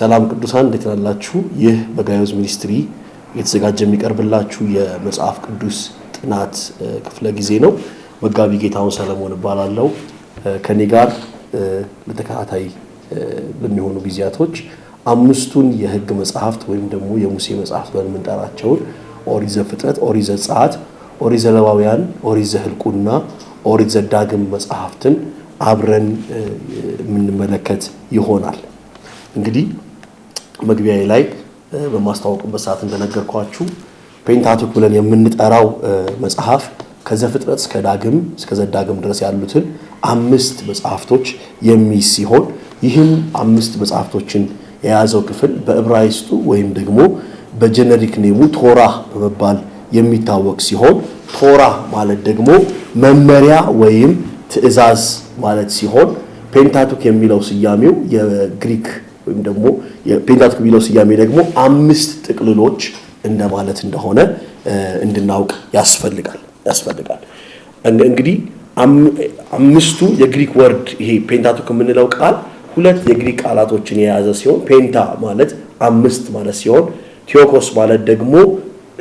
ሰላም ቅዱሳን እንዴት ናላችሁ? ይህ በጋዮዝ ሚኒስትሪ የተዘጋጀ የሚቀርብላችሁ የመጽሐፍ ቅዱስ ጥናት ክፍለ ጊዜ ነው። መጋቢ ጌታውን ሰለሞን እባላለሁ። ከኔ ጋር ለተከታታይ በሚሆኑ ጊዜያቶች አምስቱን የሕግ መጽሐፍት ወይም ደግሞ የሙሴ መጽሐፍት ብለን የምንጠራቸውን ኦሪት ዘፍጥረት፣ ኦሪት ዘጸአት፣ ኦሪት ዘሌዋውያን፣ ኦሪት ዘኍልቍና ኦሪት ዘዳግም መጽሐፍትን አብረን የምንመለከት ይሆናል። እንግዲህ መግቢያዬ ላይ በማስተዋወቅበት ሰዓት እንደነገርኳችሁ ፔንታቱክ ብለን የምንጠራው መጽሐፍ ከዘፍጥረት እስከ ዳግም እስከ ዘዳግም ድረስ ያሉትን አምስት መጽሐፍቶች የሚይዝ ሲሆን ይህም አምስት መጽሐፍቶችን የያዘው ክፍል በእብራይስጡ ወይም ደግሞ በጀነሪክ ኔሙ ቶራ በመባል የሚታወቅ ሲሆን ቶራ ማለት ደግሞ መመሪያ ወይም ትዕዛዝ ማለት ሲሆን ፔንታቱክ የሚለው ስያሜው የግሪክ ወይም ደግሞ ፔንታትክ የሚለው ስያሜ ደግሞ አምስት ጥቅልሎች እንደማለት እንደሆነ እንድናውቅ ያስፈልጋል ያስፈልጋል። እንግዲህ አምስቱ የግሪክ ወርድ ይሄ ፔንታቱክ የምንለው ቃል ሁለት የግሪክ ቃላቶችን የያዘ ሲሆን ፔንታ ማለት አምስት ማለት ሲሆን ቴዎኮስ ማለት ደግሞ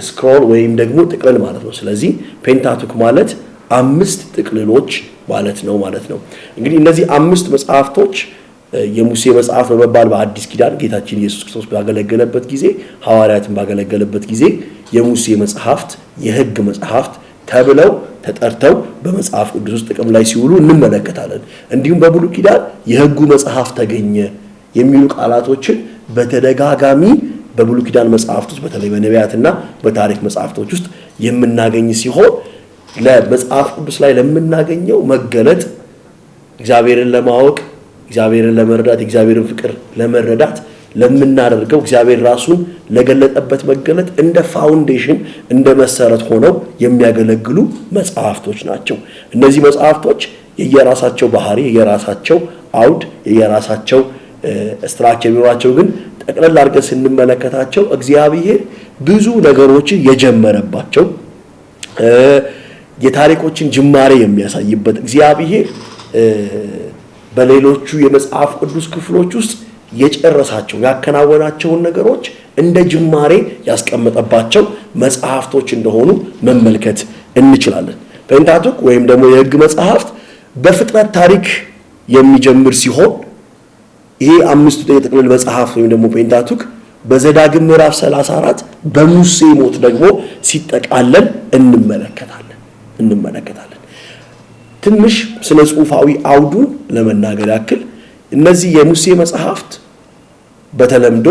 ስክሮል ወይም ደግሞ ጥቅልል ማለት ነው። ስለዚህ ፔንታቱክ ማለት አምስት ጥቅልሎች ማለት ነው ማለት ነው። እንግዲህ እነዚህ አምስት መጽሐፍቶች የሙሴ መጽሐፍ በመባል በአዲስ ኪዳን ጌታችን ኢየሱስ ክርስቶስ ባገለገለበት ጊዜ ሐዋርያትን ባገለገለበት ጊዜ የሙሴ መጽሐፍት የሕግ መጽሐፍት ተብለው ተጠርተው በመጽሐፍ ቅዱስ ውስጥ ጥቅም ላይ ሲውሉ እንመለከታለን። እንዲሁም በብሉይ ኪዳን የሕጉ መጽሐፍ ተገኘ የሚሉ ቃላቶችን በተደጋጋሚ በብሉይ ኪዳን መጽሐፍት ውስጥ በተለይ በነቢያትና በታሪክ መጽሐፍቶች ውስጥ የምናገኝ ሲሆን ለመጽሐፍ ቅዱስ ላይ ለምናገኘው መገለጥ እግዚአብሔርን ለማወቅ እግዚአብሔርን ለመረዳት እግዚአብሔርን ፍቅር ለመረዳት ለምናደርገው እግዚአብሔር ራሱን ለገለጠበት መገለጥ እንደ ፋውንዴሽን እንደ መሰረት ሆነው የሚያገለግሉ መጽሐፍቶች ናቸው። እነዚህ መጽሐፍቶች የየራሳቸው ባህሪ፣ የየራሳቸው አውድ፣ የየራሳቸው ስትራክቸር ቢኖራቸው ግን ጠቅለል አድርገን ስንመለከታቸው እግዚአብሔር ብዙ ነገሮችን የጀመረባቸው የታሪኮችን ጅማሬ የሚያሳይበት እግዚአብሔር በሌሎቹ የመጽሐፍ ቅዱስ ክፍሎች ውስጥ የጨረሳቸው ያከናወናቸውን ነገሮች እንደ ጅማሬ ያስቀመጠባቸው መጽሐፍቶች እንደሆኑ መመልከት እንችላለን። ፔንታቱክ ወይም ደግሞ የህግ መጽሐፍት በፍጥረት ታሪክ የሚጀምር ሲሆን ይሄ አምስቱ የጥቅልል መጽሐፍት ወይም ደግሞ ፔንታቱክ በዘዳግም ምዕራፍ 34 በሙሴ ሞት ደግሞ ሲጠቃለል እንመለከታለን እንመለከታለን። ትንሽ ስለ ጽሁፋዊ አውዱን ለመናገር ያክል እነዚህ የሙሴ መጽሐፍት በተለምዶ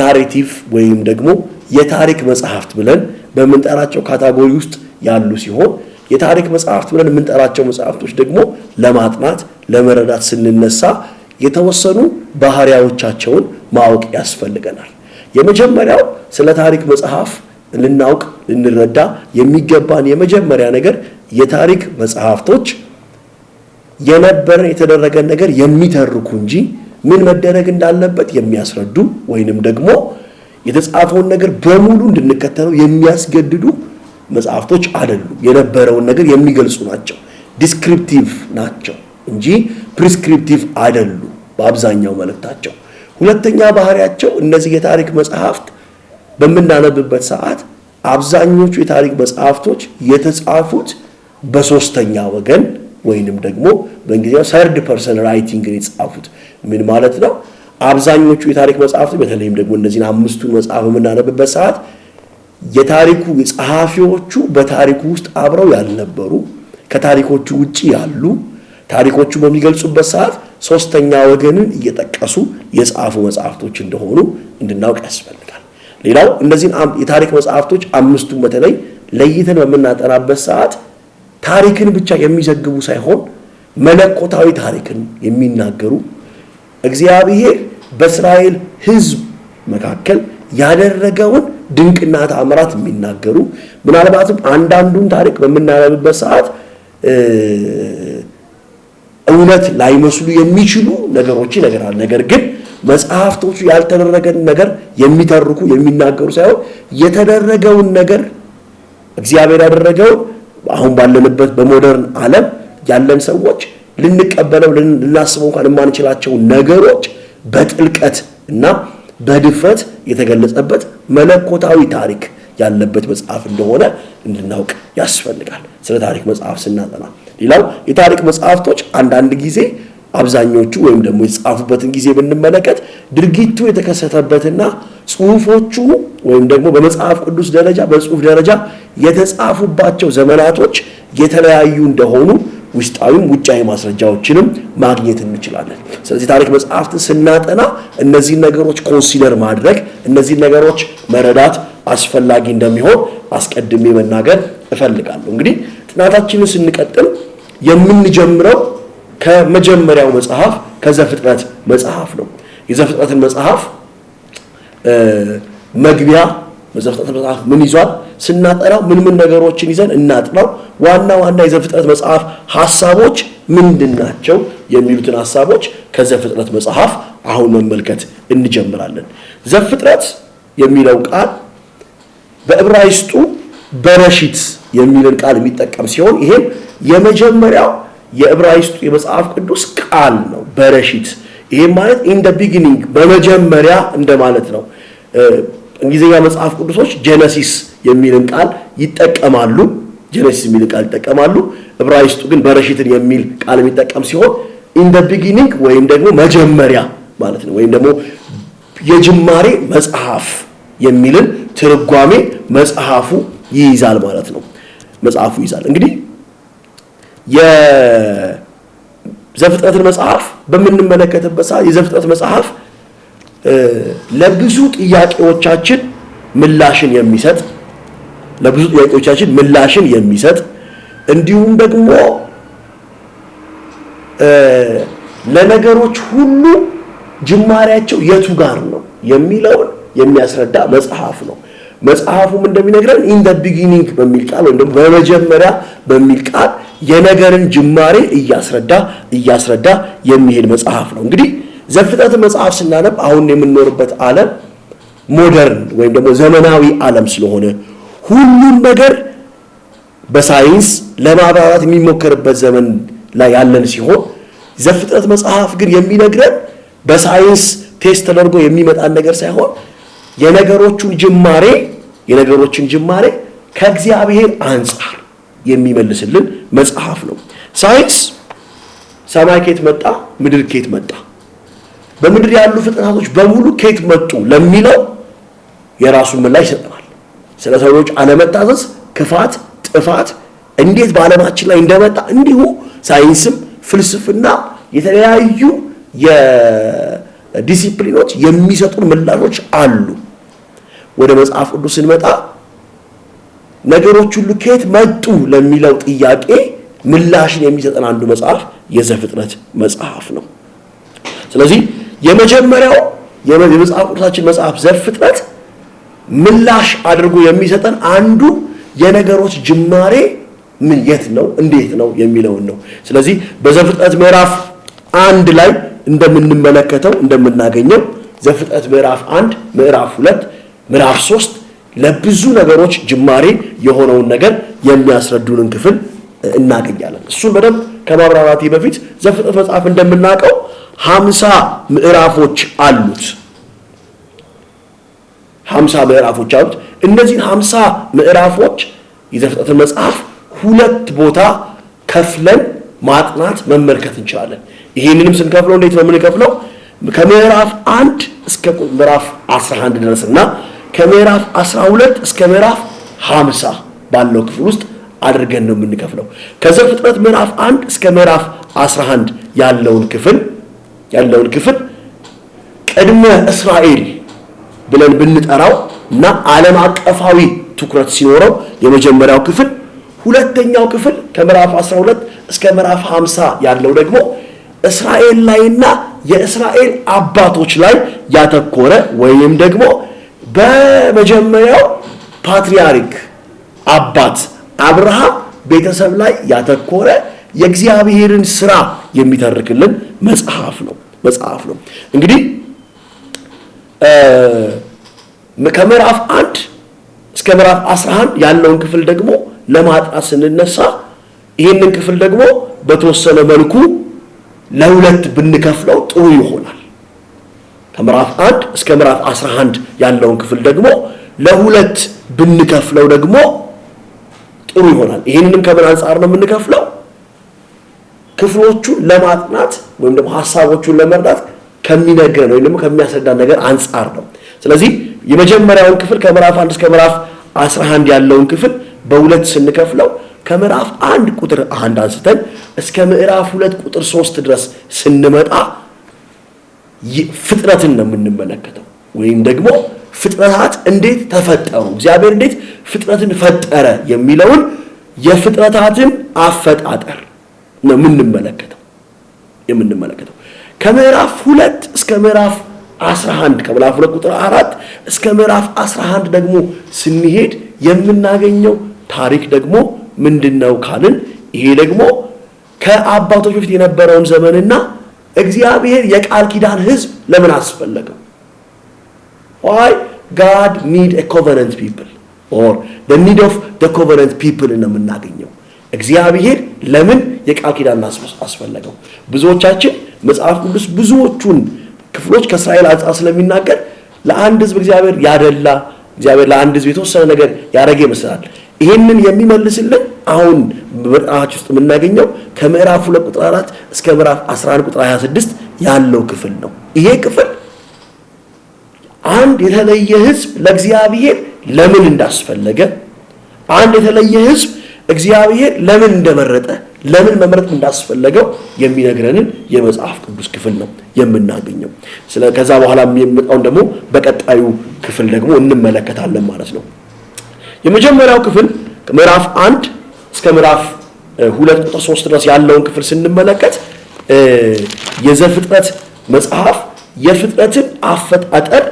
ናሬቲቭ ወይም ደግሞ የታሪክ መጽሐፍት ብለን በምንጠራቸው ካታጎሪ ውስጥ ያሉ ሲሆን የታሪክ መጽሐፍት ብለን የምንጠራቸው መጽሐፍቶች ደግሞ ለማጥናት ለመረዳት ስንነሳ የተወሰኑ ባህሪያዎቻቸውን ማወቅ ያስፈልገናል። የመጀመሪያው ስለ ታሪክ መጽሐፍ ልናውቅ ልንረዳ የሚገባን የመጀመሪያ ነገር የታሪክ መጽሐፍቶች የነበረ የተደረገን ነገር የሚተርኩ እንጂ ምን መደረግ እንዳለበት የሚያስረዱ ወይንም ደግሞ የተጻፈውን ነገር በሙሉ እንድንከተለው የሚያስገድዱ መጽሐፍቶች አይደሉም። የነበረውን ነገር የሚገልጹ ናቸው። ዲስክሪፕቲቭ ናቸው እንጂ ፕሪስክሪፕቲቭ አይደሉ። በአብዛኛው መልእክታቸው። ሁለተኛ ባህሪያቸው እነዚህ የታሪክ መጽሐፍት በምናነብበት ሰዓት አብዛኞቹ የታሪክ መጽሐፍቶች የተጻፉት በሶስተኛ ወገን ወይንም ደግሞ በእንግሊዝኛው ሰርድ ፐርሰን ራይቲንግን የጻፉት ምን ማለት ነው? አብዛኞቹ የታሪክ መጽሐፍት በተለይም ደግሞ እነዚህን አምስቱን መጽሐፍ የምናነብበት ሰዓት የታሪኩ ጸሐፊዎቹ በታሪኩ ውስጥ አብረው ያልነበሩ ከታሪኮቹ ውጪ ያሉ ታሪኮቹ በሚገልጹበት ሰዓት ሶስተኛ ወገንን እየጠቀሱ የጻፉ መጽሐፍቶች እንደሆኑ እንድናውቅ ያስፈልጋል። ሌላው እነዚህን የታሪክ መጽሐፍቶች አምስቱን በተለይ ለይተን በምናጠናበት ሰዓት ታሪክን ብቻ የሚዘግቡ ሳይሆን መለኮታዊ ታሪክን የሚናገሩ እግዚአብሔር በእስራኤል ሕዝብ መካከል ያደረገውን ድንቅና ተአምራት የሚናገሩ ምናልባትም አንዳንዱን ታሪክ በምናነብበት ሰዓት እውነት ላይመስሉ የሚችሉ ነገሮች ይነገራል። ነገር ግን መጽሐፍቶቹ ያልተደረገን ነገር የሚተርኩ የሚናገሩ ሳይሆን የተደረገውን ነገር እግዚአብሔር ያደረገውን አሁን ባለንበት በሞደርን ዓለም ያለን ሰዎች ልንቀበለው ልናስበው እንኳን የማንችላቸው ነገሮች በጥልቀት እና በድፍረት የተገለጸበት መለኮታዊ ታሪክ ያለበት መጽሐፍ እንደሆነ እንድናውቅ ያስፈልጋል። ስለ ታሪክ መጽሐፍ ስናጠና ሌላው የታሪክ መጽሐፍቶች አንዳንድ ጊዜ አብዛኞቹ ወይም ደግሞ የተጻፉበትን ጊዜ ብንመለከት ድርጊቱ የተከሰተበትና ጽሁፎቹ ወይም ደግሞ በመጽሐፍ ቅዱስ ደረጃ በጽሁፍ ደረጃ የተጻፉባቸው ዘመናቶች የተለያዩ እንደሆኑ ውስጣዊም ውጫዊ ማስረጃዎችንም ማግኘት እንችላለን። ስለዚህ ታሪክ መጽሐፍትን ስናጠና እነዚህን ነገሮች ኮንሲደር ማድረግ እነዚህን ነገሮች መረዳት አስፈላጊ እንደሚሆን አስቀድሜ መናገር እፈልጋለሁ። እንግዲህ ጥናታችንን ስንቀጥል የምንጀምረው ከመጀመሪያው መጽሐፍ ከዘፍጥረት መጽሐፍ ነው። የዘፍጥረትን መጽሐፍ መግቢያ በዘፍጥረት መጽሐፍ ምን ይዟል ስናጠናው ምን ምን ነገሮችን ይዘን እናጥናው፣ ዋና ዋና የዘፍጥረት መጽሐፍ ሀሳቦች ምንድን ናቸው የሚሉትን ሀሳቦች ከዘፍጥረት መጽሐፍ አሁን መመልከት እንጀምራለን። ዘፍጥረት የሚለው ቃል በዕብራይስጡ በረሺት የሚልን ቃል የሚጠቀም ሲሆን ይሄም የመጀመሪያው የዕብራይስጡ የመጽሐፍ ቅዱስ ቃል ነው በረሺት። ይሄ ማለት ኢን ደ ቢግኒንግ በመጀመሪያ እንደማለት ነው። እንግሊዝኛ መጽሐፍ ቅዱሶች ጀነሲስ የሚልን ቃል ይጠቀማሉ። ጀነሲስ የሚል ቃል ይጠቀማሉ። ዕብራይስጡ ግን በረሺትን የሚል ቃል የሚጠቀም ሲሆን ኢን ደ ቢግኒንግ ወይም ደግሞ መጀመሪያ ማለት ነው። ወይም ደግሞ የጅማሬ መጽሐፍ የሚልን ትርጓሜ መጽሐፉ ይይዛል ማለት ነው። መጽሐፉ ይይዛል እንግዲህ የዘፍጥረትን መጽሐፍ በምንመለከትበት ሰዓት የዘፍጥረት መጽሐፍ ለብዙ ጥያቄዎቻችን ምላሽን የሚሰጥ ለብዙ ጥያቄዎቻችን ምላሽን የሚሰጥ እንዲሁም ደግሞ ለነገሮች ሁሉ ጅማሬያቸው የቱ ጋር ነው የሚለውን የሚያስረዳ መጽሐፍ ነው። መጽሐፉም እንደሚነግረን ኢን ዘ ቢጊኒንግ በሚል ቃል ወይም ደግሞ በመጀመሪያ በሚል ቃል የነገርን ጅማሬ እያስረዳ እያስረዳ የሚሄድ መጽሐፍ ነው። እንግዲህ ዘፍጥረት መጽሐፍ ስናነብ አሁን የምንኖርበት ዓለም ሞደርን ወይም ደግሞ ዘመናዊ ዓለም ስለሆነ ሁሉም ነገር በሳይንስ ለማብራራት የሚሞከርበት ዘመን ላይ ያለን ሲሆን ዘፍጥረት መጽሐፍ ግን የሚነግረን በሳይንስ ቴስት ተደርጎ የሚመጣን ነገር ሳይሆን የነገሮቹን ጅማሬ የነገሮችን ጅማሬ ከእግዚአብሔር አንጻር የሚመልስልን መጽሐፍ ነው። ሳይንስ ሰማይ ኬት መጣ፣ ምድር ኬት መጣ፣ በምድር ያሉ ፍጥናቶች በሙሉ ኬት መጡ ለሚለው የራሱን ምላሽ ይሰጠናል። ስለ ሰዎች አለመታዘዝ፣ ክፋት፣ ጥፋት እንዴት በዓለማችን ላይ እንደመጣ እንዲሁ ሳይንስም ፍልስፍና የተለያዩ የዲሲፕሊኖች የሚሰጡን ምላሾች አሉ። ወደ መጽሐፍ ቅዱስ ስንመጣ ነገሮች ሁሉ ከየት መጡ ለሚለው ጥያቄ ምላሽን የሚሰጠን አንዱ መጽሐፍ የዘፍጥረት መጽሐፍ ነው። ስለዚህ የመጀመሪያው የመጽሐፍ ቅዱሳችን መጽሐፍ ዘፍጥረት ምላሽ አድርጎ የሚሰጠን አንዱ የነገሮች ጅማሬ ምን የት ነው እንዴት ነው የሚለውን ነው። ስለዚህ በዘፍጥረት ምዕራፍ አንድ ላይ እንደምንመለከተው እንደምናገኘው ዘፍጥረት ምዕራፍ አንድ ምዕራፍ ሁለት ምዕራፍ ሶስት ለብዙ ነገሮች ጅማሬ የሆነውን ነገር የሚያስረዱንን ክፍል እናገኛለን። እሱን በደንብ ከማብራራቴ በፊት ዘፍጥረት መጽሐፍ እንደምናውቀው ሀምሳ ምዕራፎች አሉት። ሀምሳ ምዕራፎች አሉት። እነዚህ ሀምሳ ምዕራፎች የዘፍጥረትን መጽሐፍ ሁለት ቦታ ከፍለን ማጥናት መመልከት እንችላለን። ይህንንም ስንከፍለው እንዴት ነው የምንከፍለው? ከምዕራፍ አንድ እስከ ምዕራፍ 11 ድረስና ከምዕራፍ 12 እስከ ምዕራፍ 50 ባለው ክፍል ውስጥ አድርገን ነው የምንከፍለው። ከዘፍጥረት ምዕራፍ 1 እስከ ምዕራፍ 11 ያለውን ክፍል ያለውን ክፍል ቅድመ እስራኤል ብለን ብንጠራው እና ዓለም አቀፋዊ ትኩረት ሲኖረው የመጀመሪያው ክፍል፣ ሁለተኛው ክፍል ከምዕራፍ 12 እስከ ምዕራፍ 50 ያለው ደግሞ እስራኤል ላይና የእስራኤል አባቶች ላይ ያተኮረ ወይም ደግሞ በመጀመሪያው ፓትሪያርክ አባት አብርሃም ቤተሰብ ላይ ያተኮረ የእግዚአብሔርን ስራ የሚተርክልን መጽሐፍ ነው መጽሐፍ ነው። እንግዲህ ከምዕራፍ አንድ እስከ ምዕራፍ 11 ያለውን ክፍል ደግሞ ለማጥራት ስንነሳ ይህንን ክፍል ደግሞ በተወሰነ መልኩ ለሁለት ብንከፍለው ጥሩ ይሆናል። ከምዕራፍ አንድ እስከ ምዕራፍ 11 ያለውን ክፍል ደግሞ ለሁለት ብንከፍለው ደግሞ ጥሩ ይሆናል። ይህንን ከምን አንጻር ነው የምንከፍለው? ክፍሎቹን ለማጥናት ወይም ደግሞ ሀሳቦቹን ለመርዳት ከሚነግረን ወይም ደግሞ ከሚያስረዳን ነገር አንጻር ነው። ስለዚህ የመጀመሪያውን ክፍል ከምዕራፍ አንድ እስከ ምዕራፍ 11 ያለውን ክፍል በሁለት ስንከፍለው ከምዕራፍ አንድ ቁጥር አንድ አንስተን እስከ ምዕራፍ ሁለት ቁጥር ሶስት ድረስ ስንመጣ ፍጥረትን ነው የምንመለከተው ወይም ደግሞ ፍጥረታት እንዴት ተፈጠሩ፣ እግዚአብሔር እንዴት ፍጥረትን ፈጠረ የሚለውን የፍጥረታትን አፈጣጠር ነው የምንመለከተው የምንመለከተው ከምዕራፍ ሁለት እስከ ምዕራፍ 11 ከምዕራፍ ሁለት ቁጥር አራት እስከ ምዕራፍ 11 ደግሞ ስንሄድ የምናገኘው ታሪክ ደግሞ ምንድን ነው ካልን ይሄ ደግሞ ከአባቶች በፊት የነበረውን ዘመንና እግዚአብሔር የቃል ኪዳን ህዝብ ለምን አስፈለገው? ዋይ ጋድ ኒድ ኮቨነንት ፒፕል ኦር ኒድ ኦፍ ኮቨነንት ፒፕል ነው የምናገኘው። እግዚአብሔር ለምን የቃል ኪዳን አስፈለገው? ብዙዎቻችን መጽሐፍ ቅዱስ ብዙዎቹን ክፍሎች ከእስራኤል አንጻር ስለሚናገር ለአንድ ህዝብ እግዚአብሔር ያደላ እግዚአብሔር ለአንድ ህዝብ የተወሰነ ነገር ያደረገ ይመስላል። ይህንን የሚመልስልን አሁን በመጽሐፍ ውስጥ የምናገኘው ከምዕራፍ ሁለት ቁጥር አራት እስከ ምዕራፍ 11 ቁጥር 26 ያለው ክፍል ነው። ይሄ ክፍል አንድ የተለየ ህዝብ ለእግዚአብሔር ለምን እንዳስፈለገ፣ አንድ የተለየ ህዝብ እግዚአብሔር ለምን እንደመረጠ፣ ለምን መመረጥ እንዳስፈለገው የሚነግረንን የመጽሐፍ ቅዱስ ክፍል ነው የምናገኘው። ከዛ በኋላ የሚመጣውን ደግሞ በቀጣዩ ክፍል ደግሞ እንመለከታለን ማለት ነው። የመጀመሪያው ክፍል ምዕራፍ አንድ እስከ ምዕራፍ ሁለት ቁጥር ሶስት ድረስ ያለውን ክፍል ስንመለከት የዘፍጥረት መጽሐፍ የፍጥረትን አፈጣጠር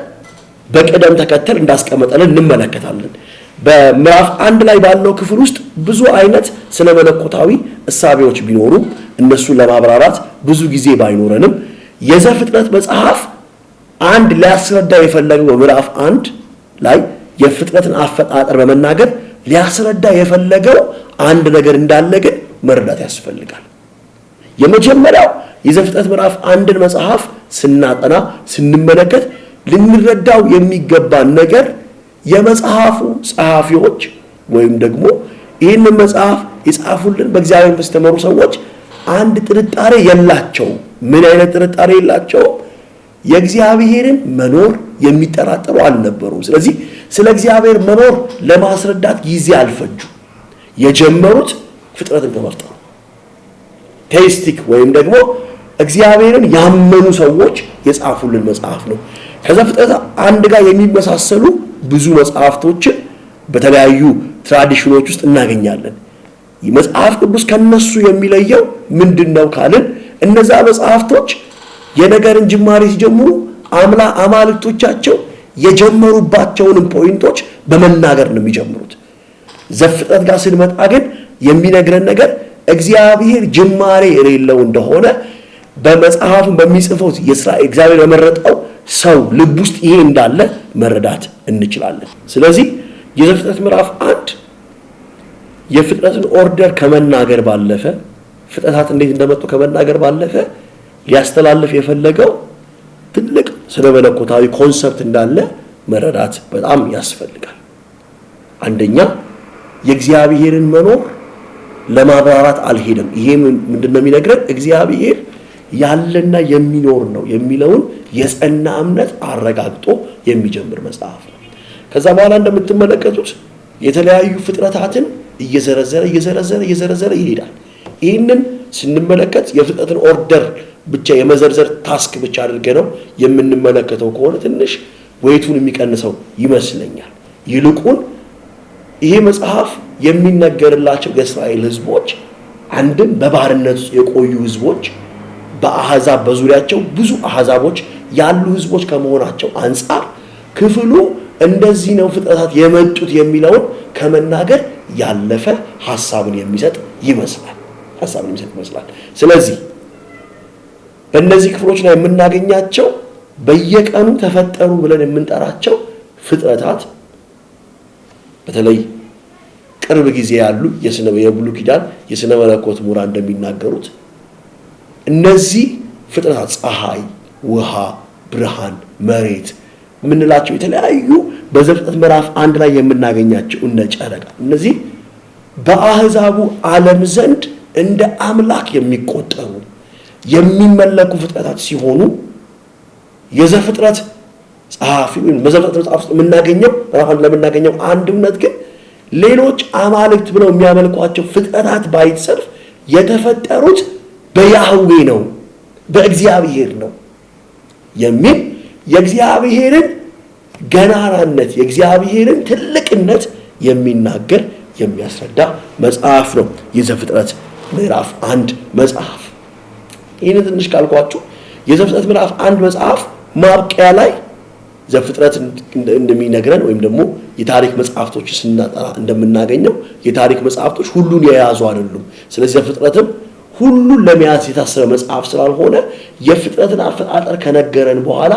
በቅደም ተከተል እንዳስቀመጠልን እንመለከታለን። በምዕራፍ አንድ ላይ ባለው ክፍል ውስጥ ብዙ አይነት ስነ መለኮታዊ እሳቤዎች ቢኖሩም እነሱን ለማብራራት ብዙ ጊዜ ባይኖረንም የዘፍጥረት መጽሐፍ አንድ ሊያስረዳው የፈለገው ምዕራፍ አንድ ላይ የፍጥረትን አፈጣጠር በመናገር ሊያስረዳ የፈለገው አንድ ነገር እንዳለ ግን መረዳት ያስፈልጋል። የመጀመሪያው የዘፍጥረት ምዕራፍ አንድን መጽሐፍ ስናጠና ስንመለከት ልንረዳው የሚገባን ነገር የመጽሐፉ ጸሐፊዎች ወይም ደግሞ ይህን መጽሐፍ የጻፉልን በእግዚአብሔር የተመሩ ሰዎች አንድ ጥርጣሬ የላቸውም። ምን አይነት ጥርጣሬ የላቸውም? የእግዚአብሔርን መኖር የሚጠራጠሩ አልነበሩም። ስለዚህ ስለ እግዚአብሔር መኖር ለማስረዳት ጊዜ አልፈጁ። የጀመሩት ፍጥረትን ከመፍጠሩ ቴስቲክ ወይም ደግሞ እግዚአብሔርን ያመኑ ሰዎች የጻፉልን መጽሐፍ ነው። ከዛ ፍጥረት አንድ ጋር የሚመሳሰሉ ብዙ መጽሐፍቶችን በተለያዩ ትራዲሽኖች ውስጥ እናገኛለን። መጽሐፍ ቅዱስ ከነሱ የሚለየው ምንድን ነው ካልን እነዛ መጽሐፍቶች የነገርን ጅማሬ ሲጀምሩ አምላ አማልክቶቻቸው የጀመሩባቸውንም ፖይንቶች በመናገር ነው የሚጀምሩት። ዘፍጥረት ጋር ስንመጣ ግን የሚነግረን ነገር እግዚአብሔር ጅማሬ የሌለው እንደሆነ በመጽሐፉን በሚጽፈው እግዚአብሔር በመረጠው ሰው ልብ ውስጥ ይሄ እንዳለ መረዳት እንችላለን። ስለዚህ የዘፍጥረት ምዕራፍ አንድ የፍጥረትን ኦርደር ከመናገር ባለፈ ፍጥረታት እንዴት እንደመጡ ከመናገር ባለፈ ሊያስተላልፍ የፈለገው ትልቅ ስነ መለኮታዊ ኮንሰፕት እንዳለ መረዳት በጣም ያስፈልጋል። አንደኛ የእግዚአብሔርን መኖር ለማብራራት አልሄደም። ይሄ ምንድነው የሚነግረን? እግዚአብሔር ያለና የሚኖር ነው የሚለውን የጸና እምነት አረጋግጦ የሚጀምር መጽሐፍ ነው። ከዛ በኋላ እንደምትመለከቱት የተለያዩ ፍጥረታትን እየዘረዘረ እየዘረዘረ እየዘረዘረ ይሄዳል። ይህንን ስንመለከት የፍጥረትን ኦርደር ብቻ የመዘርዘር ታስክ ብቻ አድርገ ነው የምንመለከተው ከሆነ ትንሽ ወይቱን የሚቀንሰው ይመስለኛል። ይልቁን ይሄ መጽሐፍ የሚነገርላቸው የእስራኤል ህዝቦች አንድም በባርነት የቆዩ ህዝቦች በአሕዛብ በዙሪያቸው ብዙ አሕዛቦች ያሉ ህዝቦች ከመሆናቸው አንጻር ክፍሉ እንደዚህ ነው ፍጥረታት የመጡት የሚለውን ከመናገር ያለፈ ሀሳብን የሚሰጥ ይመስላል ሐሳብን የሚሰጥ ይመስላል። ስለዚህ በእነዚህ ክፍሎች ላይ የምናገኛቸው በየቀኑ ተፈጠሩ ብለን የምንጠራቸው ፍጥረታት በተለይ ቅርብ ጊዜ ያሉ የብሉ ኪዳን የስነ መለኮት ሙራ እንደሚናገሩት እነዚህ ፍጥረታት ፀሐይ፣ ውሃ፣ ብርሃን፣ መሬት የምንላቸው የተለያዩ በዘፍጥረት ምዕራፍ አንድ ላይ የምናገኛቸው እነ ጨረቃ እነዚህ በአህዛቡ ዓለም ዘንድ እንደ አምላክ የሚቆጠሩ የሚመለኩ ፍጥረታት ሲሆኑ የዘፍጥረት ጸሐፊ ወይም በዘፍጥረት መጽሐፍ ውስጥ የምናገኘው ራፋ ለምናገኘው አንድ አንድነት ግን ሌሎች አማልክት ብለው የሚያመልኳቸው ፍጥረታት ባይጽፍ የተፈጠሩት በያህዌ ነው በእግዚአብሔር ነው የሚል የእግዚአብሔርን ገናራነት የእግዚአብሔርን ትልቅነት የሚናገር የሚያስረዳ መጽሐፍ ነው የዘፍጥረት ምዕራፍ አንድ መጽሐፍ። ይህን ትንሽ ካልኳችሁ የዘፍጥረት ምዕራፍ አንድ መጽሐፍ ማብቂያ ላይ ዘፍጥረት እንደሚነግረን ወይም ደግሞ የታሪክ መጽሐፍቶች ስናጠራ እንደምናገኘው የታሪክ መጽሐፍቶች ሁሉን የያዙ አይደሉም። ስለዚህ ዘፍጥረትም ሁሉን ለመያዝ የታሰበ መጽሐፍ ስላልሆነ የፍጥረትን አፈጣጠር ከነገረን በኋላ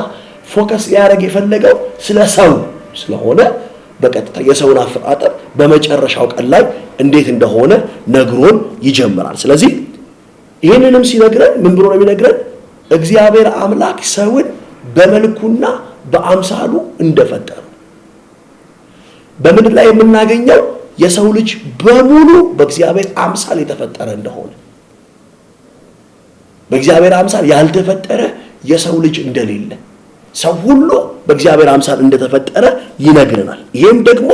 ፎከስ ሊያደርግ የፈለገው ስለ ሰው ስለሆነ በቀጥታ የሰውን አፈጣጠር በመጨረሻው ቀን ላይ እንዴት እንደሆነ ነግሮን ይጀምራል። ስለዚህ ይህንንም ሲነግረን ምን ብሎ ነው የሚነግረን? እግዚአብሔር አምላክ ሰውን በመልኩና በአምሳሉ እንደፈጠሩ በምድር ላይ የምናገኘው የሰው ልጅ በሙሉ በእግዚአብሔር አምሳል የተፈጠረ እንደሆነ በእግዚአብሔር አምሳል ያልተፈጠረ የሰው ልጅ እንደሌለ ሰው ሁሉ በእግዚአብሔር አምሳል እንደተፈጠረ ይነግረናል። ይህም ደግሞ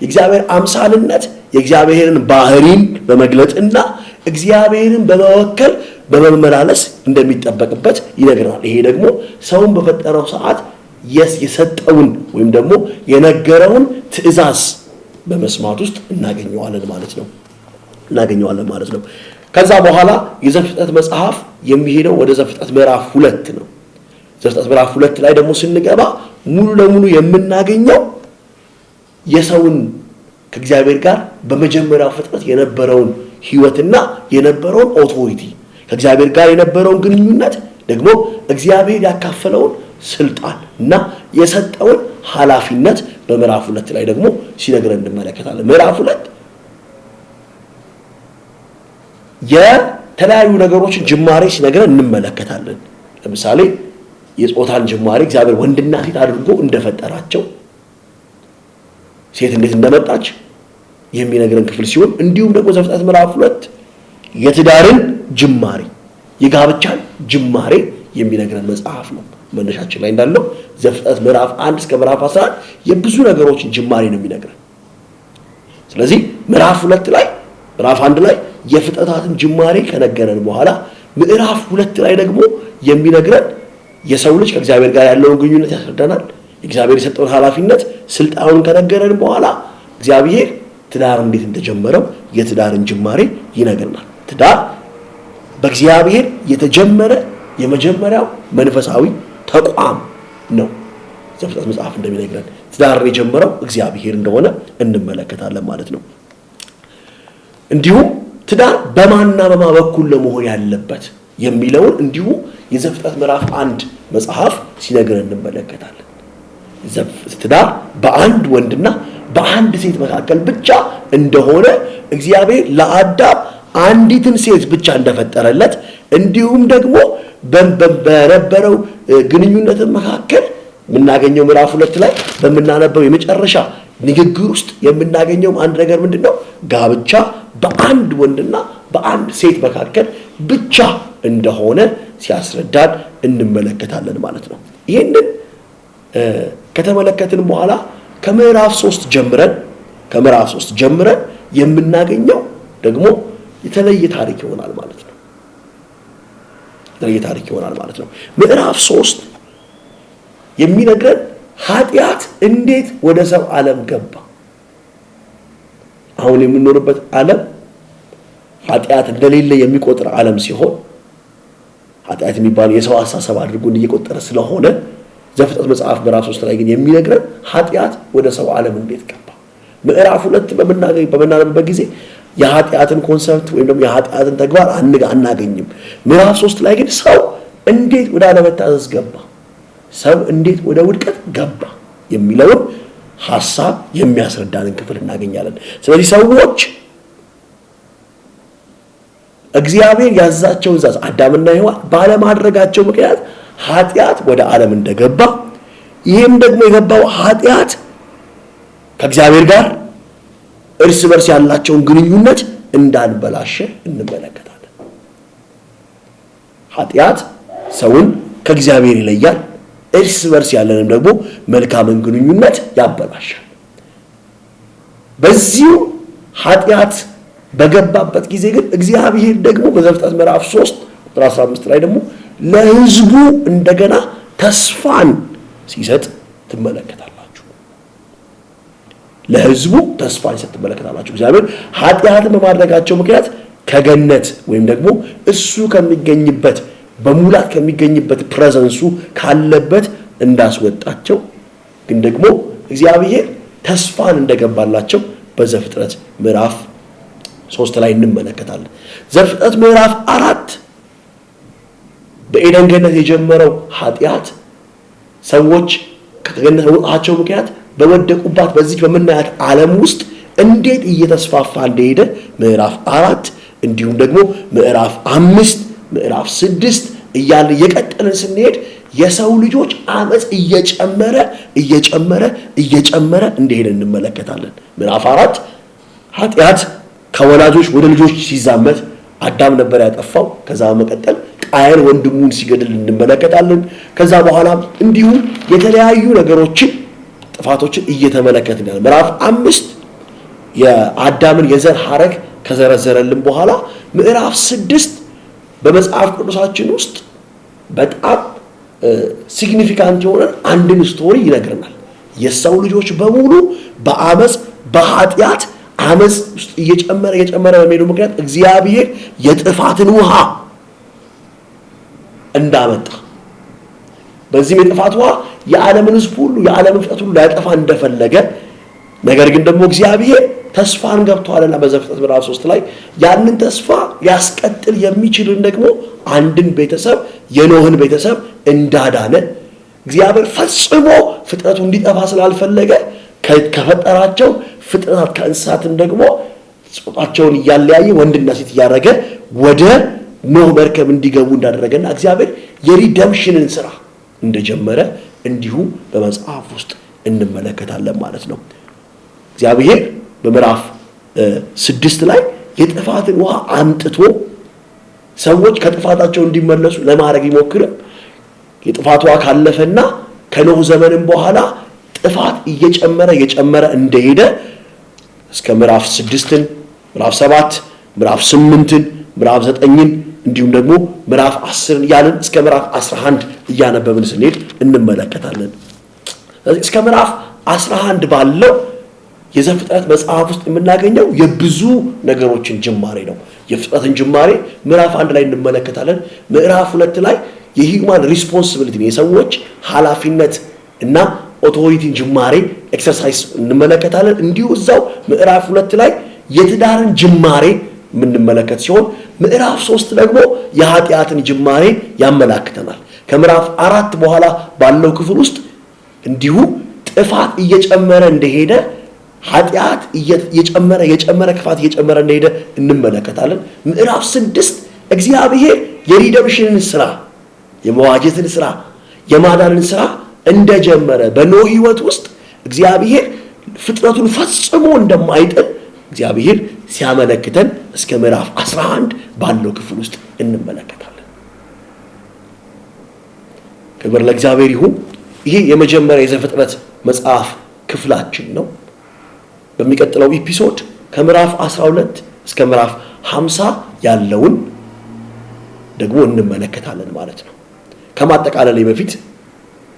የእግዚአብሔር አምሳልነት የእግዚአብሔርን ባህሪን በመግለጥና እግዚአብሔርን በመወከል በመመላለስ እንደሚጠበቅበት ይነግራል። ይሄ ደግሞ ሰውን በፈጠረው ሰዓት የሰጠውን ወይም ደግሞ የነገረውን ትእዛዝ በመስማት ውስጥ እናገኘዋለን ማለት ነው እናገኘዋለን ማለት ነው። ከዛ በኋላ የዘፍጥረት መጽሐፍ የሚሄደው ወደ ዘፍጥረት ምዕራፍ ሁለት ነው። ዘፍጥረት ምዕራፍ ሁለት ላይ ደግሞ ስንገባ ሙሉ ለሙሉ የምናገኘው የሰውን ከእግዚአብሔር ጋር በመጀመሪያው ፍጥረት የነበረውን ህይወትና የነበረውን ኦቶሪቲ ከእግዚአብሔር ጋር የነበረውን ግንኙነት ደግሞ እግዚአብሔር ያካፈለውን ስልጣን እና የሰጠውን ኃላፊነት በምዕራፍ ሁለት ላይ ደግሞ ሲነግረን እንመለከታለን። ምዕራፍ ሁለት የተለያዩ ነገሮችን ጅማሬ ሲነግረን እንመለከታለን። ለምሳሌ የጾታን ጅማሬ እግዚአብሔር ወንድና ሴት አድርጎ እንደፈጠራቸው ሴት እንዴት እንደመጣች የሚነግረን ክፍል ሲሆን እንዲሁም ደግሞ ዘፍጥረት ምዕራፍ ሁለት የትዳርን ጅማሬ የጋብቻን ጅማሬ የሚነግረን መጽሐፍ ነው። መነሻችን ላይ እንዳለው ዘፍጥረት ምዕራፍ አንድ እስከ ምዕራፍ 11 የብዙ ነገሮችን ጅማሬ ነው የሚነግረን። ስለዚህ ምዕራፍ ሁለት ላይ ምዕራፍ አንድ ላይ የፍጥረታትን ጅማሬ ከነገረን በኋላ ምዕራፍ ሁለት ላይ ደግሞ የሚነግረን የሰው ልጅ ከእግዚአብሔር ጋር ያለውን ግንኙነት ያስረዳናል። እግዚአብሔር የሰጠውን ኃላፊነት ስልጣኑን ከነገረን በኋላ እግዚአብሔር ትዳር እንዴት እንደጀመረው የትዳርን ጅማሬ ይነግርናል። ትዳር በእግዚአብሔር የተጀመረ የመጀመሪያው መንፈሳዊ ተቋም ነው። ዘፍጥረት መጽሐፍ እንደሚነግረን ትዳርን የጀመረው እግዚአብሔር እንደሆነ እንመለከታለን ማለት ነው። እንዲሁም ትዳር በማንና በማ በኩል ለመሆን ያለበት የሚለውን እንዲሁ የዘፍጥረት ምዕራፍ አንድ መጽሐፍ ሲነግረን እንመለከታለን። ትዳር በአንድ ወንድና በአንድ ሴት መካከል ብቻ እንደሆነ እግዚአብሔር ለአዳም አንዲትን ሴት ብቻ እንደፈጠረለት እንዲሁም ደግሞ በነበረው ግንኙነት መካከል የምናገኘው ምዕራፍ ሁለት ላይ በምናነበው የመጨረሻ ንግግር ውስጥ የምናገኘውም አንድ ነገር ምንድን ነው? ጋብቻ በአንድ ወንድና በአንድ ሴት መካከል ብቻ እንደሆነ ሲያስረዳን እንመለከታለን ማለት ነው። ይህንን ከተመለከትን በኋላ ከምዕራፍ ሶስት ጀምረን ከምዕራፍ ሶስት ጀምረን የምናገኘው ደግሞ የተለየ ታሪክ ይሆናል ማለት ነው። የተለየ ታሪክ ይሆናል ማለት ነው። ምዕራፍ ሶስት የሚነግረን ኃጢአት እንዴት ወደ ሰው ዓለም ገባ። አሁን የምንኖርበት ዓለም ኃጢአት እንደሌለ የሚቆጥር ዓለም ሲሆን ኃጢአት የሚባለው የሰው አሳሰብ አድርጎን እየቆጠረ ስለሆነ ዘፍጥረት መጽሐፍ ምዕራፍ ሶስት ላይ ግን የሚነግረን ኃጢአት ወደ ሰው ዓለም እንዴት ገባ። ምዕራፍ ሁለት በምናነብበት ጊዜ የኃጢአትን ኮንሰርት ወይም ደግሞ የኃጢአትን ተግባር አናገኝም። ምዕራፍ ሶስት ላይ ግን ሰው እንዴት ወደ አለመታዘዝ ገባ፣ ሰው እንዴት ወደ ውድቀት ገባ የሚለውን ሀሳብ የሚያስረዳንን ክፍል እናገኛለን። ስለዚህ ሰዎች እግዚአብሔር ያዛቸውን ዛዝ አዳምና ሔዋን ባለማድረጋቸው ምክንያት ኃጢአት ወደ ዓለም እንደገባ ይህም ደግሞ የገባው ኃጢአት ከእግዚአብሔር ጋር እርስ በርስ ያላቸውን ግንኙነት እንዳልበላሸ እንመለከታለን። ኃጢአት ሰውን ከእግዚአብሔር ይለያል፣ እርስ በርስ ያለንም ደግሞ መልካምን ግንኙነት ያበላሻል። በዚሁ ኃጢአት በገባበት ጊዜ ግን እግዚአብሔር ደግሞ በዘፍጥረት ምዕራፍ 3 ቁጥር 15 ላይ ደግሞ ለህዝቡ እንደገና ተስፋን ሲሰጥ ትመለከታላችሁ። ለህዝቡ ተስፋን ሲሰጥ ትመለከታላችሁ። እግዚአብሔር ኃጢአትን በማድረጋቸው ምክንያት ከገነት ወይም ደግሞ እሱ ከሚገኝበት በሙላት ከሚገኝበት ፕሬዘንሱ ካለበት እንዳስወጣቸው ግን ደግሞ እግዚአብሔር ተስፋን እንደገባላቸው በዘፍጥረት ምዕራፍ ሶስት ላይ እንመለከታለን። ዘፍጥረት ምዕራፍ አራት በኤደን ገነት የጀመረው ኃጢአት ሰዎች ከገነት መውጣታቸው ምክንያት በወደቁባት በዚህ በምናያት ዓለም ውስጥ እንዴት እየተስፋፋ እንደሄደ ምዕራፍ አራት እንዲሁም ደግሞ ምዕራፍ አምስት ምዕራፍ ስድስት እያለ እየቀጠልን ስንሄድ የሰው ልጆች አመፅ እየጨመረ እየጨመረ እየጨመረ እንደሄደ እንመለከታለን። ምዕራፍ አራት ኃጢአት ከወላጆች ወደ ልጆች ሲዛመት አዳም ነበር ያጠፋው። ከዛ በመቀጠል ቃየን ወንድሙን ሲገድል እንመለከታለን። ከዛ በኋላ እንዲሁም የተለያዩ ነገሮችን ጥፋቶችን እየተመለከትን ያለ ምዕራፍ አምስት የአዳምን የዘር ሐረግ ከዘረዘረልን በኋላ ምዕራፍ ስድስት በመጽሐፍ ቅዱሳችን ውስጥ በጣም ሲግኒፊካንት የሆነ አንድን ስቶሪ ይነግርናል። የሰው ልጆች በሙሉ በአመፅ በኃጢአት አመፅ ውስጥ እየጨመረ እየጨመረ በሚሄዱ ምክንያት እግዚአብሔር የጥፋትን ውሃ እንዳመጣ በዚህም የጥፋት ውሃ የዓለምን ሕዝብ ሁሉ የዓለምን ፍጥረት ሁሉ ሊያጠፋ እንደፈለገ ነገር ግን ደግሞ እግዚአብሔር ተስፋን ገብተዋልና በዘፍጥረት ምዕራፍ ሶስት ላይ ያንን ተስፋ ያስቀጥል የሚችልን ደግሞ አንድን ቤተሰብ የኖህን ቤተሰብ እንዳዳነ እግዚአብሔር ፈጽሞ ፍጥረቱ እንዲጠፋ ስላልፈለገ ከፈጠራቸው ፍጥረታት ከእንስሳትን ደግሞ ጾታቸውን እያለያየ ወንድና ሴት እያደረገ ወደ ኖህ መርከብ እንዲገቡ እንዳደረገና እግዚአብሔር የሪደምሽንን ስራ እንደጀመረ እንዲሁ በመጽሐፍ ውስጥ እንመለከታለን ማለት ነው። እግዚአብሔር በምዕራፍ ስድስት ላይ የጥፋትን ውሃ አምጥቶ ሰዎች ከጥፋታቸው እንዲመለሱ ለማድረግ ይሞክርም የጥፋት ውሃ ካለፈና ከኖህ ዘመንም በኋላ ጥፋት እየጨመረ እየጨመረ እንደሄደ እስከ ምዕራፍ ስድስትን ምዕራፍ ሰባት ምዕራፍ ስምንትን ምዕራፍ ዘጠኝን እንዲሁም ደግሞ ምዕራፍ 10 እያልን እስከ ምዕራፍ 11 እያነበብን ስንሄድ እንመለከታለን። እስከ ምዕራፍ 11 ባለው የዘፍጥረት መጽሐፍ ውስጥ የምናገኘው የብዙ ነገሮችን ጅማሬ ነው። የፍጥረትን ጅማሬ ምዕራፍ አንድ ላይ እንመለከታለን። ምዕራፍ ሁለት ላይ የሂውማን ሪስፖንሲቢሊቲ የሰዎች ኃላፊነት እና ኦቶሪቲን ጅማሬ ኤክሰርሳይዝ እንመለከታለን። እንዲሁ እዛው ምዕራፍ ሁለት ላይ የትዳርን ጅማሬ የምንመለከት ሲሆን ምዕራፍ ሶስት ደግሞ የኃጢአትን ጅማሬ ያመላክተናል። ከምዕራፍ አራት በኋላ ባለው ክፍል ውስጥ እንዲሁ ጥፋት እየጨመረ እንደሄደ ኃጢአት እየጨመረ የጨመረ ክፋት እየጨመረ እንደሄደ እንመለከታለን። ምዕራፍ ስድስት እግዚአብሔር የሪደምሽንን ስራ የመዋጀትን ስራ የማዳንን ስራ እንደጀመረ በኖ ህይወት ውስጥ እግዚአብሔር ፍጥረቱን ፈጽሞ እንደማይጥል እግዚአብሔር ሲያመለክተን እስከ ምዕራፍ 11 ባለው ክፍል ውስጥ እንመለከታለን። ክብር ለእግዚአብሔር ይሁን። ይሄ የመጀመሪያ የዘፍጥረት መጽሐፍ ክፍላችን ነው። በሚቀጥለው ኢፒሶድ ከምዕራፍ 12 እስከ ምዕራፍ 50 ያለውን ደግሞ እንመለከታለን ማለት ነው። ከማጠቃለል በፊት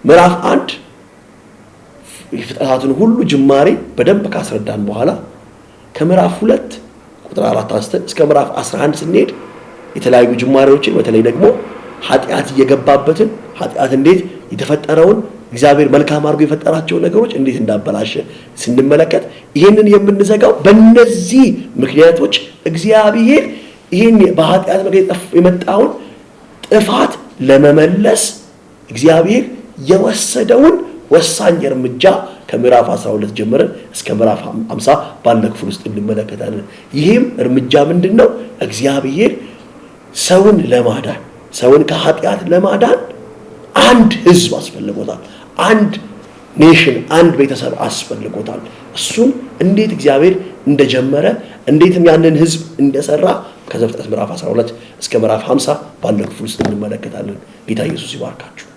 ምዕራፍ አንድ የፍጥረታትን ሁሉ ጅማሬ በደንብ ካስረዳን በኋላ ከምዕራፍ ሁለት ቁጥር አራት አንስተን እስከ ምዕራፍ 11 ስንሄድ የተለያዩ ጅማሬዎችን በተለይ ደግሞ ኃጢአት እየገባበትን ኃጢአት እንዴት የተፈጠረውን እግዚአብሔር መልካም አድርጎ የፈጠራቸውን ነገሮች እንዴት እንዳበላሸ ስንመለከት ይህንን የምንዘጋው በእነዚህ ምክንያቶች እግዚአብሔር ይህን በኃጢአት የመጣውን ጥፋት ለመመለስ እግዚአብሔር የወሰደውን ወሳኝ እርምጃ ከምዕራፍ 12 ጀምረን እስከ ምዕራፍ 50 ባለ ክፍል ውስጥ እንመለከታለን። ይህም እርምጃ ምንድን ነው? እግዚአብሔር ሰውን ለማዳን ሰውን ከኃጢአት ለማዳን አንድ ህዝብ አስፈልጎታል። አንድ ኔሽን፣ አንድ ቤተሰብ አስፈልጎታል። እሱም እንዴት እግዚአብሔር እንደጀመረ እንዴትም ያንን ህዝብ እንደሰራ ከዘፍጥረት ምዕራፍ 12 እስከ ምዕራፍ 50 ባለው ክፍል ውስጥ እንመለከታለን። ጌታ ኢየሱስ ይባርካችሁ።